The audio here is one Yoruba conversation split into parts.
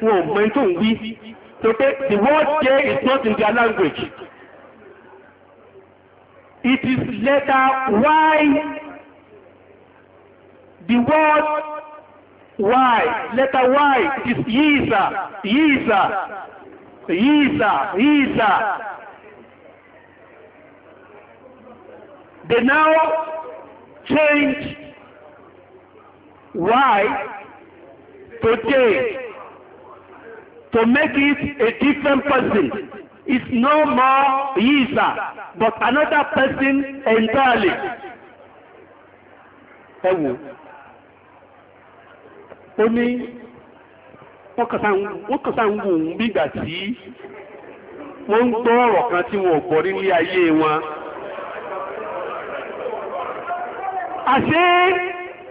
wọn ò mọ̀ tó ń wí tó pé the word there is not in their language it is letter why the word why letter why is yisa yisa yisa yisa they now change why today to make it a different person. It's no more Isa, but another person entirely. Ẹ wò, ó ní wọ́n kàn sáà ń wò ń bígbà tí wọ́n ń gbọ́ ọ̀rọ̀ kan tí wọ́n gbọ́ nílé ayé wọn. Àṣé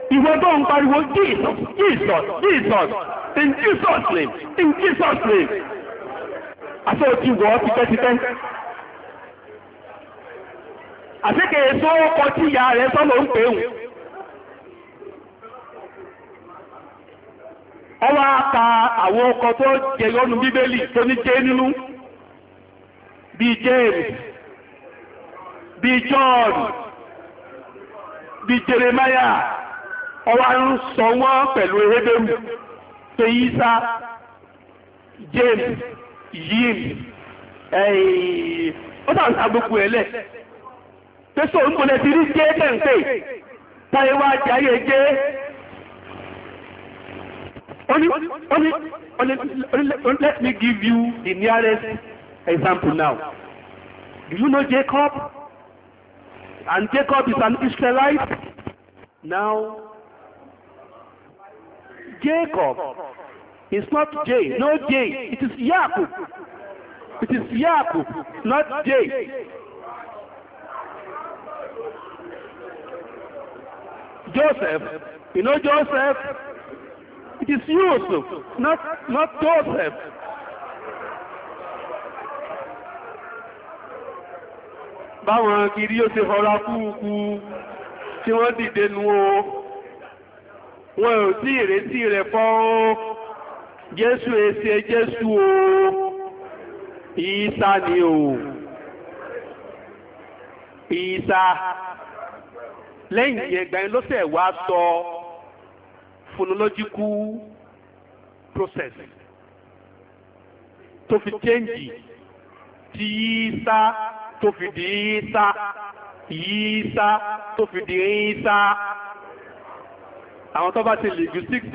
ìwọ tó ń pariwo Jesus Jesus Jesus in Jesus name in Jesus name àti òtí wọ́ tipẹ́tipẹ́ àti kèé tó ọkọ̀ tí ìyá rẹ̀ sọ́nà ń pè wù ọwọ́ aka àwọn ọkọ̀ tó jẹyọnu bíbélì tó ní jẹ́ nínú bíi James bíi John bíi Jeremiah ọwá ń sọ wọ́n pẹ̀lú ehébémù pé james yim ẹ̀yìn ó tàn sá gbogbo ẹ̀ lẹ̀ pé ń gbọ́nà ti rí jẹ́ tẹ̀ǹpẹ̀ táyé wá jáyé jẹ́ only, only, only, only, only let me give you the nearest example now do you know Jacob and Jacob is an Israelite now Jacob. It's not J, no J. It is Yakub. It is Yakub, not J. Joseph, you know Joseph? It is Yusuf, not, not Joseph. Báwọn kiri yóò ṣe fọ́lá tí wọ́n dìde nú o wọn ò tí ìrètí rẹ̀ fọ́ ó jésù èsè jésù o ìsá ni o ìsá lẹ́yìn ìgbà yẹn ló ṣẹ̀ wá sọ phonological process tó fi chẹ́ǹjì tí ìsá tó fi di ìsá ìsá tó fi di ìsá àwọn tó bá ti linguistics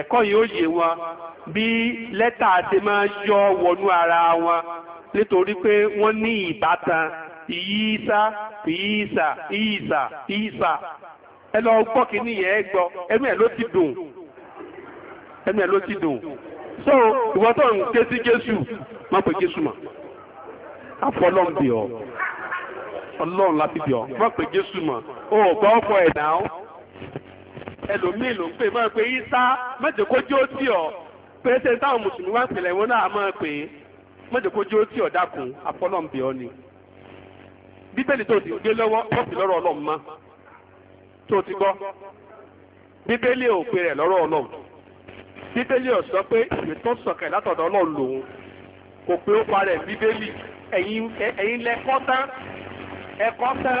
ẹ̀kọ́ yìí ó yé wọn bí lẹ́tà ṣe máa yọ wọnú ara wọn nítorí pé wọ́n ní ìbátan ìyíṣà ìyíṣà ìyíṣà ìyíṣà ẹ lọ gbọ́ kínní yẹn gbọ́ ẹnu ẹ̀ ló ti dùn ẹnu ẹ̀ ló ti dùn so ìwọ tó ń ké sí Jésù má pè Jésù mọ́ àfọlọ́ǹbì ọ ọlọ́run láti bì ọ má pè Jésù mọ́ o ò gbọ́ ọkọ ẹ̀ náà. ẹlòmíì ló ń pè pe Isa mẹ́tẹ̀kójú ó tì ọ́ táwọn mùsùlùmí wá ń pèlè wọn náà máa pè é mẹ́tẹ̀kójú ó dákun ọ́ ni. bíbélì tó ti gbé lọ́wọ́ pọ́ọ̀sì lọ́rọ̀ ọlọ́run mọ́ tó ti gbọ́ bíbélì ò pe rẹ̀ lọ́rọ̀ ọlọ́run bíbélì ò sọ pé ìwé tó sọ̀kẹ̀ látọ̀dọ̀ ọlọ́run lòun kò pé ó parẹ̀ bíbélì ẹ̀yin lẹ́kọ́ tán ẹ̀kọ́ tán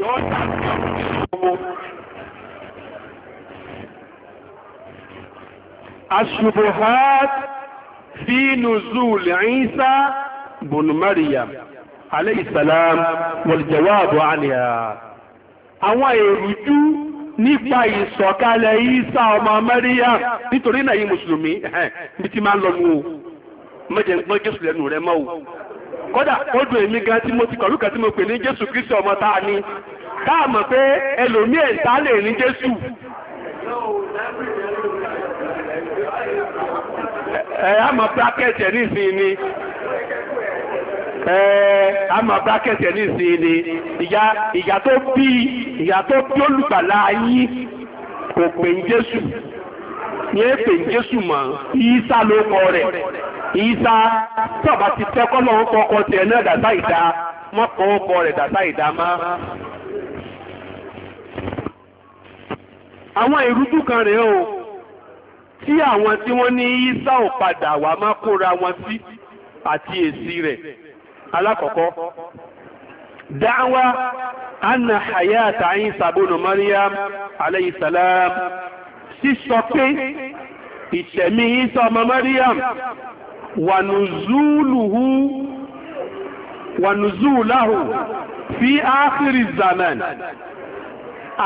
yóò dàbí ọmọ. Aṣubuhat fi Isa salam wal jawab anha. Isa ọmọ Maryam nítorí náà yí Mùsùlùmí, ti lọ o. o. kódà ó dùn èmi gan tí mo ti kọ̀lú kan tí mo pè ní Jésù Kristi ọmọ tá a ní tá a mọ̀ pé ẹlòmíì ẹ̀ta lè ní Jésù. ẹ á mọ bírákẹ́tì ẹ̀ nísìnyí ni ẹ á mọ bírákẹ́tì ẹ̀ nísìnyí ni ìyá ìyá tó bí ìyá tó bí olùgbàlà yín kò pè ní Jésù ní èpè ní Jésù mọ́ ìyísà ló kọ rẹ̀ ìyíṣà tọ́ba ti fẹ́ kọ́lọ̀ ó kọ́kọ́ tiẹ̀ náà dàtà ìdá wọ́n kọ́ ó kọ́ rẹ̀ dàtà ìdá má. àwọn ìrújú kan rèé o tí àwọn tí wọ́n ní ìyíṣà ò padà wà má kóra wọn sí àti èsì rẹ̀ alákọ̀ọ́kọ́ dáwà anna hayata Isa bunu Maryam alayhi salam sísọ pé ìṣẹ̀mí Isa ọmọ wànùzúlùhù wànùzúlàhù fi áfírí zaman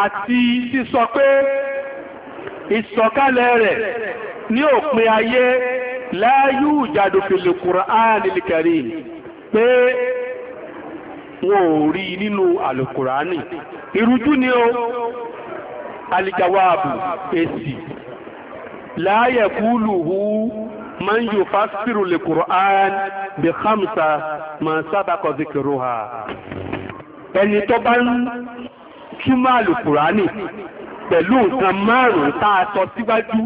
àti sísọ pé ìsọ̀kalẹ̀ rẹ̀ ní òpin ayé láyú ìjàdòfèlè kùránì lìkẹ̀rí pé wọn ò rí nínú àlùkùránì ìrújú ni ó alìjàwáàbù èsì láyẹ̀kúlùhù من yufassiru l-Qur'an bi khamsa ma sabaqa dhikruha. ẹni tó bá ń túmọ̀ àlùkùránì pẹ̀lú nǹkan márùn-ún tá a sọ síwájú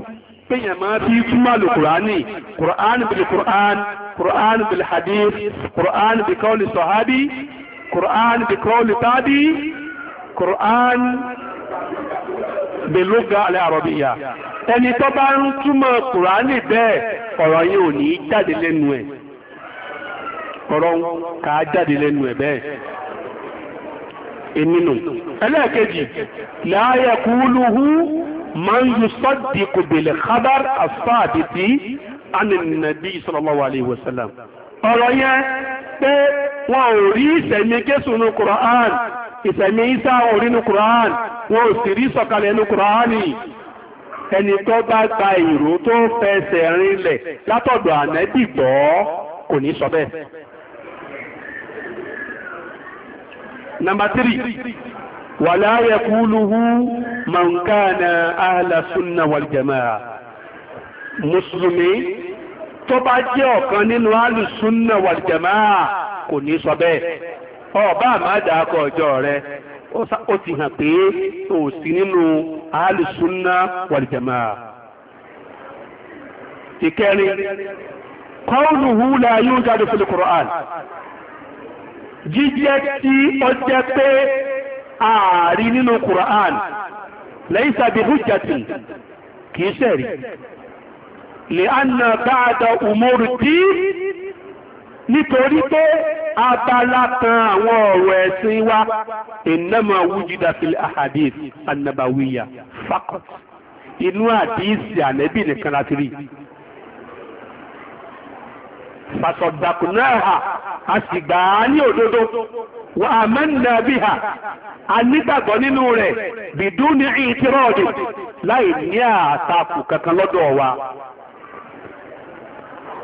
péyàn máa fi túmọ̀ àlùkùránì kùránì bil kùránì kùránì bil hadith kùránì bi qawli kùránì bi qawli kùránì beluga alẹ́ àrọ̀bíyà ẹni tó bá ń túmọ̀ kùránì bẹ́ẹ̀ ọ̀rọ̀ yìí ò ní jáde lẹ́nu ẹ̀ ọ̀rọ̀ kà á jáde lẹ́nu ẹ̀ bẹ́ẹ̀ ìnínú ẹlẹ́ẹ̀kejì láàyè kúlùhù máa ń yù sọ́dì kò bèlè khabar àfáàdìtì ànínàbí sallallahu alayhi wa ọ̀rọ̀ yẹn pé wọn ò rí ìsẹ̀mí Jésù nínú Kùránì ìsẹ̀mí Ísá ò rí nínú Kùránì wọn ò sì rí sọ̀kalẹ̀ ẹnu kùránì ẹni tó bá gba ìró tó fẹsẹ̀ rinlẹ̀ látọ̀dọ̀ ànẹ́bì gbọ́ kò ní sọ bẹ́ẹ̀. nàmbà tírì wàlá yakuluhu man kana ahla sunna wal jamaa mùsùlùmí tó bá jẹ́ ọ̀kan nínú ahlu sunna wal jamaa kò ní sọ bẹ́ẹ̀ ọba àmàdà akọ̀ ọjọ́ rẹ̀ ó ti hàn pé ó sì nínú alùsùnà wàlìjàmà. ìkẹrin qawluhu la yujadu fil Qur'an jíjẹ́ tí ó jẹ́ pé ààrí nínú Qur'an laysa bi hujjatin kìí sẹ́rí li anna ba'da umuri dín nítorí pé abala kan àwọn ọ̀rọ̀ ẹ̀sìn wa ìnáma wújídà fil ahadith annabawiya fakọt inú àdíìsì ànẹ́bì nìkan láti rí fàṣọ̀dàkùnáà a sì gbà á ní òdodo wà á mẹ́nà bí ha a nígbàgbọ́ nínú rẹ̀ bìdú ní láì ní àtakù kankan lọ́dọ̀ wa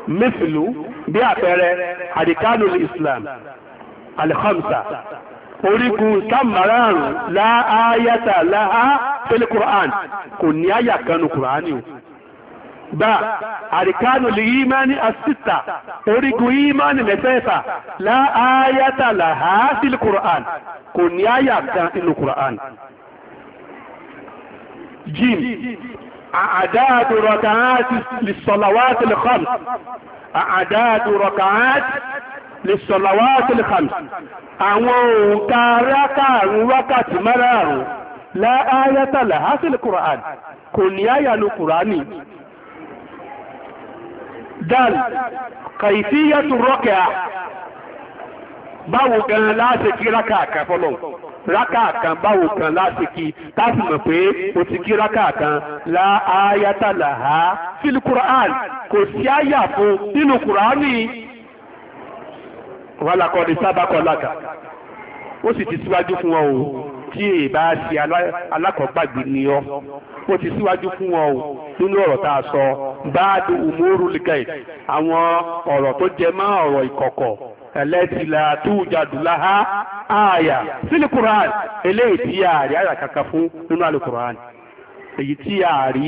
mífìlú bí àpẹẹrẹ àdìkánù islam alihamsa orígun islam márààrún láàáyáta láàá tẹ́lẹ̀ quran kò ní àyà kanu quran o bá àdìkánù ìmáni asita orígun ìmáni mẹ́fẹ̀ẹ̀fà láàáyáta láàá tẹ́lẹ̀ quran kò ní àyà kan inú quran jim أعداد ركعات للصلوات الخمس أعداد ركعات للصلوات الخمس àwọn òǹkà rákàrún wákàtí márààrún láàáyátàlá hásìlì kùrán kò ní àyànú kùránì dal kàìfíyàtù rọ́kẹ̀á báwo gan láti kí rákàkà fọlọ́ rákàkà báwo gan láti kí táàsì mọ̀ pé o ti kí rákàkà la ayatala ha fílí quran kò sí àyà fún nínú kùránì ní sábàkọ̀ làkà ó sì ti síwájú fún o tí èèbá ṣe alákọ̀ọ́gbàgbé ni ọ́ ó ti síwájú fún ọ o nínú ọ̀rọ̀ tá a sọ báàdù umuru ligai àwọn ọ̀rọ̀ tó jẹ mọ́ ọ̀rọ̀ ìkọ̀kọ̀ ẹlẹ́tì la tújàdù láha àyà sílẹ̀ quran eléyìí tí àyà kankan fún nínú àlè quran èyí tí a rí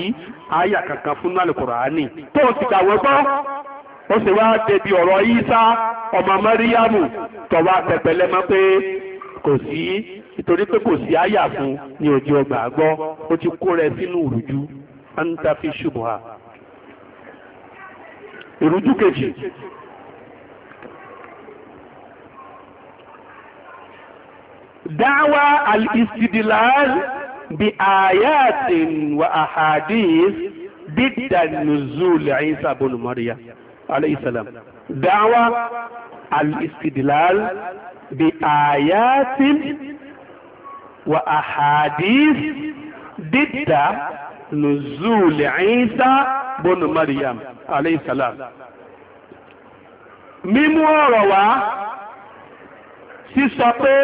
àyà kankan fún nínú àlè quran ni tó o ti kàwé tán ó sì wá débi ọ̀rọ̀ Ìsá ọmọ mẹ́ríyàmù tó wá tẹ̀pẹ̀lẹ́ kò kò àyà fún ní ojú kejì dáwà al-istidlal bi ayatin wa ahadith dídà nùzúl Ìsá ibn Maryam alayhi salam dáwà al-istidlal bi ayatin wa ahadith dídà nùzúl Ìsá ibn Maryam alayhi mímú ọ̀rọ̀ wá sísọ pé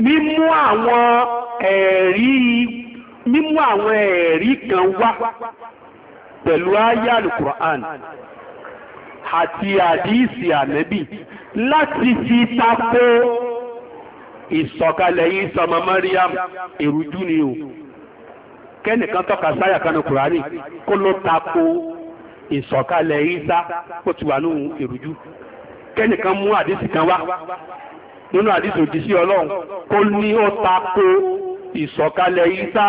mímú àwọn ẹ̀rí mímú àwọn ẹ̀rí kan wá pẹ̀lú àyá alukur'an àti àdíìsì ànẹ́bì láti fi tako ìsọ̀kalẹ̀ yìí sọmọ Mariam èrújú ni o kẹ́nìkan tọ́ka sáyà kanu kùránì kó ló tako ìsọ̀kalẹ̀ yìí sá kó tiwa nù èrújú kẹ́nìkan mú àdíìsì kan wá nínú àdìsò jí sí ọlọ́run ó ní ó ta ko ìsọ̀kalẹ̀ ìsá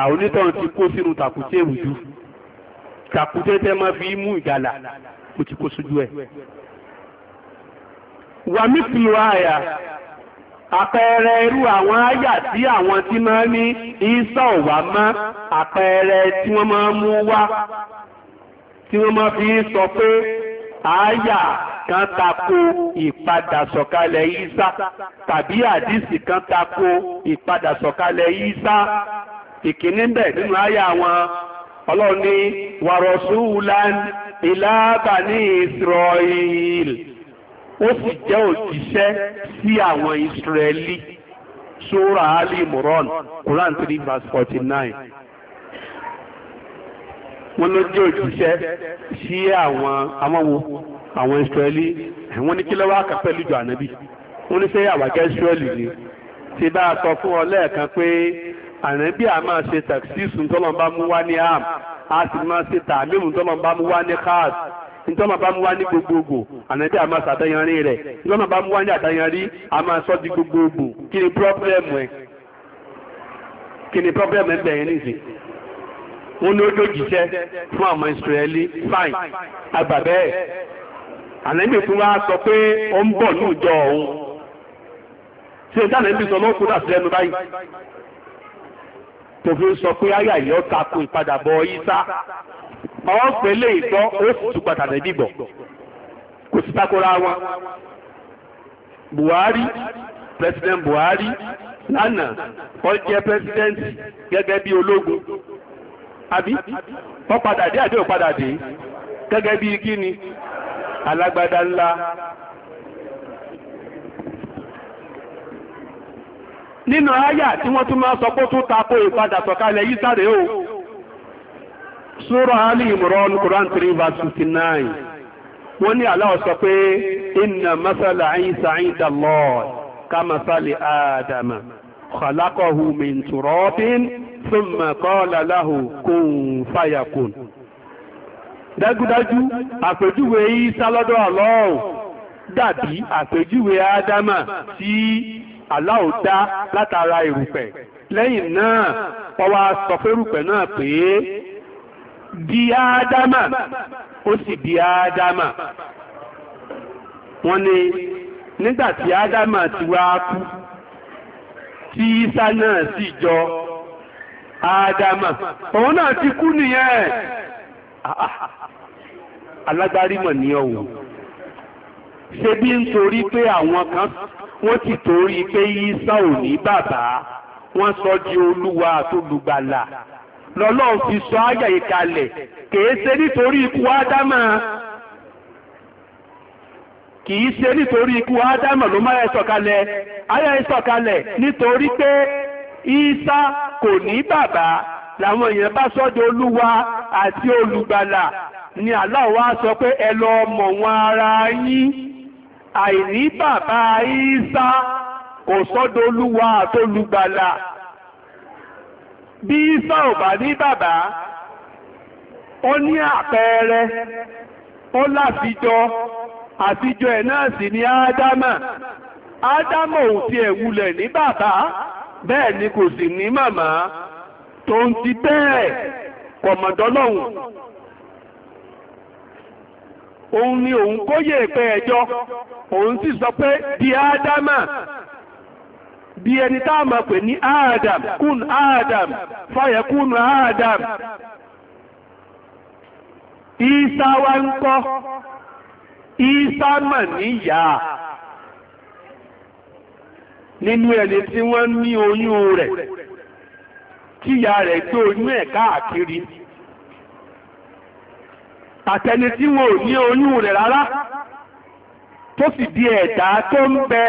àwọn onítọ̀run ti kó sínú tàkùté ìrùjú tàkùté tẹ́ máa fi mú ìgàlà ó ti kó sójú ẹ̀. wà mí fi wá àyà àpẹẹrẹ irú àwọn àyà tí àwọn tí máa ní ìsá ọ̀wà mọ́ àpẹẹrẹ tí wọ́n máa mú wá tí wọ́n máa fi sọ pé àáyà kan tako ìpadàsọ̀kalẹ̀ Ìsá tàbí àdìsí kan tako ìpadàsọ̀kalẹ̀ Ìsá ìkíní bẹ̀ nínú àáyà wọn ọlọ́run ní warasulan ila bani Israel ó sì jẹ́ òjíṣẹ́ sí àwọn Israeli sura Ali Imran Quran three verse forty nine wọ́n ló jẹ́ òjíṣẹ́ sí àwọn amọ́wo àwọn ìsírẹ́lì wọ́n ní kí ló wá kà ànábì wọ́n ní sẹ́yà wàkẹ́ ìsírẹ́lì ni ti bá a sọ fún ọ lẹ́ẹ̀kan pé ànábì a máa ṣe tàkísù ntọ́lọ́mbá mú wá ní am a sì máa ṣe tààmìmù ntọ́lọ́mbá mú wá ní káàs ntọ́lọ́mbá mú wá ní gbogbogbò ànábì a máa ṣàtẹ̀yànrí rẹ̀ ntọ́lọ́mbá mú wá ní àtẹ̀yànrí a máa sọ di gbogbogbò kí ni pírọ́blẹ̀mù ẹ̀ kí ó ní ó dòjìṣẹ́ fún àwọn Israẹli fine agbàbẹ́ ẹ̀ ànẹ́bì tún wá sọ pé ó ń bọ̀ ní ìjọ òun ṣe ìdánẹ́bì sọ lọ́kùnrin àti ẹnu báyìí tó fi ń sọ pé ayà yìí ó takò ìpadàbọ̀ Ìsá ọ̀hún pẹ̀lẹ́ ìgbọ́ ó sì tún padà nẹ́bí gbọ̀ kò sí takora wọn Buhari President Buhari lánàá ó jẹ́ president gẹ́gẹ́ bí ológun àbí wọ́n padà dé àbí ò padà dé gẹ́gẹ́ bí kí ni alágbádá ńlá nínú àyà tí wọ́n tún máa sọ pé tún tako ìpadà sọ̀kalẹ̀ yìí sáré o Sura Ali Imran Quran 3 verse 59 wọ́n ní Allah sọ pé inna masala Isa inda Allah ka masali Adama khalaqahu min turabin thumma qala lahu kun fayakun dájúdájú àpèjúwe Ìsá lọ́dọ̀ Ọlọ́run dàbí àpèjúwe Ádámà tí Allah dá látara erùpẹ̀ lẹ́yìn náà wọ́n wá sọ fẹ́rùpẹ̀ náà pé di Ádámà ó sì di Ádámà wọ́n ní nígbà tí Ádámà ti wá kú tí Ìsá náà sì jọ àdàmà òun náà ti kú nìyẹn ah, ah. alágbárímọ̀ ní ọ̀hún ṣe bí torí pé àwọn kan wọ́n ti torí pé yíṣà ò ní bàbá wọ́n sọ di olúwa àtolùgbàlà lọ́lọ́run fi sọ áyàyè kalẹ̀ kìí ṣe nítorí ikú ṣe nítorí ikú ádámà ló má sọ̀kalẹ̀ nítorí pé kò ní bàbá làwọn èèyàn bá sọ́dọ̀ olúwa àti olùgbàlà ni Allah wá sọ pé ẹ lọ mọ̀ wọn ara yín àìní bàbá Ìsá kò sọ́dọ̀ olúwa àti olùgbàlà bí Ìsá ò bá ní bàbá ó ní àpẹẹrẹ ó láfijọ́ àfijọ́ ẹ̀ náà sì ni Ádámà Ádámà ò tiẹ̀ wulẹ̀ ní bàbá bẹ́ẹ̀ ni kò sì ní màmá tó ń ti bẹ́ẹ̀ kọ̀mọ̀dọ́lọ́hùn òun ni òun kóyè pé ẹjọ́ òun sì sọ pé di ádámà bí ẹni tá a máa pè ní ádám kún ádám fàyẹ kún ádám ìsá ń kọ́ ìsá mà níyàá nínú ẹni tí wọ́n ní oyún rẹ̀ tíya rẹ̀ gbé oyún ẹ̀ káàkiri àtẹni tí wọn ò ní oyún rẹ̀ rárá tó sì di ẹ̀dá tó ń bẹ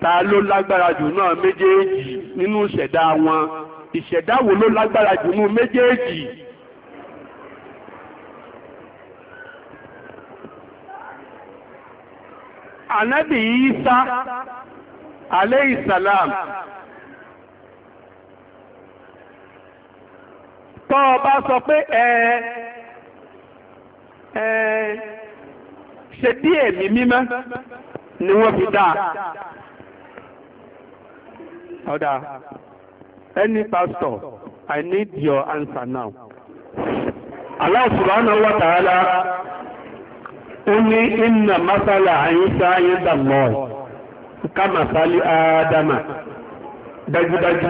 ta ló lágbára jù náà méjèèjì nínú ìṣẹ̀dá wọn ìṣẹ̀dá wo ló lágbára jù nínú méjèèjì. ànábì Ìsá alayhi salam tọ́ ọba sọ pé ẹ ẹ ṣe bí ẹ̀mí mímọ́ ni wọ́n fi dáa ọ̀dà any pastor I need your answer now. Allah subhanahu wa ta'ala ó ní inna masala àyíṣá ayé dàmọ́ kama sálí ádámà dájúdájú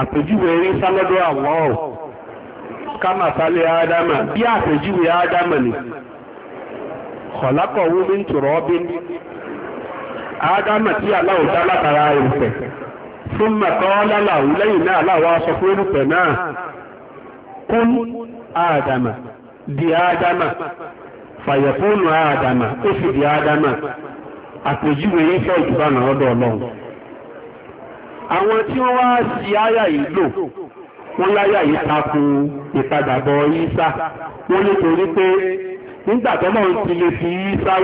àpèjúwe irinṣá lọ́dọ̀ Allah kama sálí ádámà bí àpèjúwe ádámà ni khalaqahu min turabin ádámà tí aláwọ̀ dá látara irúfẹ́ thumma qala lahu lẹ́yìn náà aláwọ̀ aṣọ fún irúfẹ́ náà kún ádámà di ádámà fàyẹ̀fóònù ádámà ó sì di ádámà àpèjúwe ní fọ́ọ̀tù bá náà ọlọ́run àwọn tí wọ́n wá sí àyà yìí lò wọ́n láyà yìí takò ìpadàbọ̀ yísà wọ́n pé nígbà ti lè fi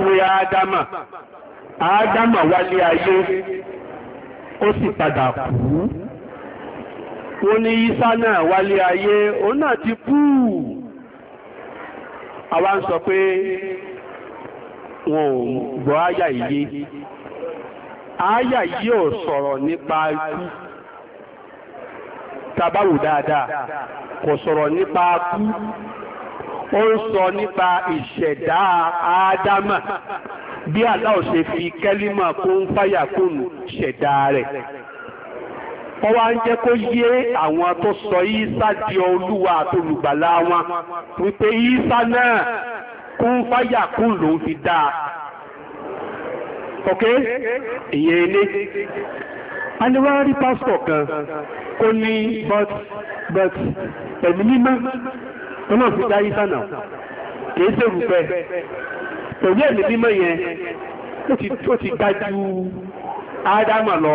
wé ádámà ádámà wálé ayé ó sì padà kú wọ́n ní yísà náà wálé ayé òun náà ti kú àwa ń sọ pé wọn ò gbọ́ àyà yìí àyà yìí ò sọ̀rọ̀ nípa ikú tabawo dáadáa kò sọ̀rọ̀ nípa ikú ó ń sọ nípa ìṣẹ̀dá ádámà bí aláwọ̀ ṣe fi kẹ́límà kó ń fàyà kó ń ṣẹ̀dá rẹ̀ wọ́n wá ń jẹ́ kó yé àwọn tó sọ Ìsá di olúwa àtolùgbàlà wọn wípé Ìsá náà kún fáyà kún lòún fi dáa ok ìyẹn ilé aniwari pásítọ̀ kan kó ní but but ẹ̀mí mímọ́ ọmọ fi dáyé sánà kìí ṣe rúpẹ́ pẹ̀lú ẹ̀mí mímọ́ yẹn ó ti ó ju ádámà lọ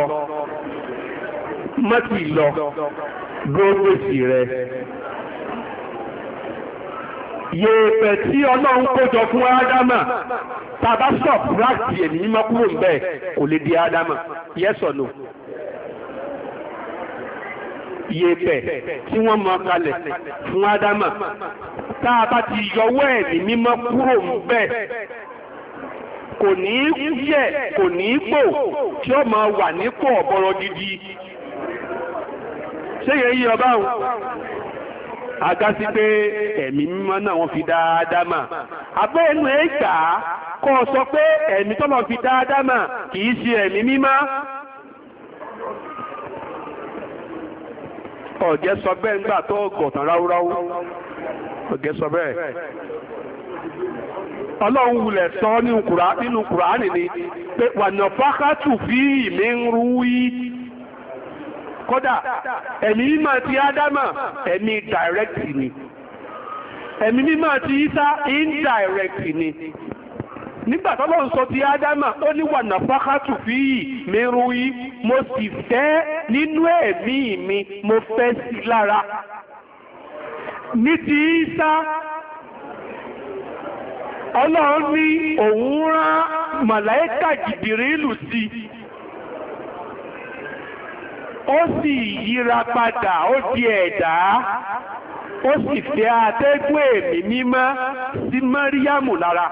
mọ́tì lọ gbogbo rẹ̀ yèèpẹ̀ tí ọlọ́run kójọ fún ádámà tàbá sọ̀pùráàtì ẹ̀mí mímọ́ kúrò ń bẹ́ẹ̀ kò lè di ádámà yes or no yèèpẹ̀ tí wọ́n mọ kalẹ̀ fún ádámà tàbá ti yọwọ́ ẹ̀mí mímọ́ kúrò ń bẹ́ẹ̀ kò ní yẹ̀ kò ní gbò tí ó máa wà nípò ọ̀bọ̀rọ̀ gidi ṣé yẹn yí ọba o agasi pé ẹ̀mí mímọ́ náà wọ́n fi dáadáa mà abẹ́ ẹnu ẹ̀ gbà á kọ́ ọ sọ pé ẹ̀mí tọ́lọ̀ fi dáadáa mà kì í ṣe ẹ̀mí mímọ́. ọ̀jẹ̀ sọ bẹ́ẹ̀ ńgbà tó gọ̀tàn ráúráú ọ̀jẹ̀ sọ bẹ́ẹ̀ ọlọ́run wulẹ̀ sọ nínú kùránì ni pé wà nàfákàtù fi ìmí ń rú yìí kódà ẹ̀mí mímọ́ ti ádámà ẹ̀mí direct ni ẹ̀mí mímọ́ ti isa indirect ni nígbà tọ́lọ́run sọ ti ádámà ó ní wà nà fákàtù fi mẹ́rùn yìí mo sì fẹ́ nínú ẹ̀mí mi mo fẹ́ sí lára ní ti isa ọlọ́run ní òun rán màláíkà jìbìrìlù sí i ó sì yíra padà ó di ẹ̀dá ó sì fẹ́ atẹ́gùn ẹ̀mí mímọ́ sí lára.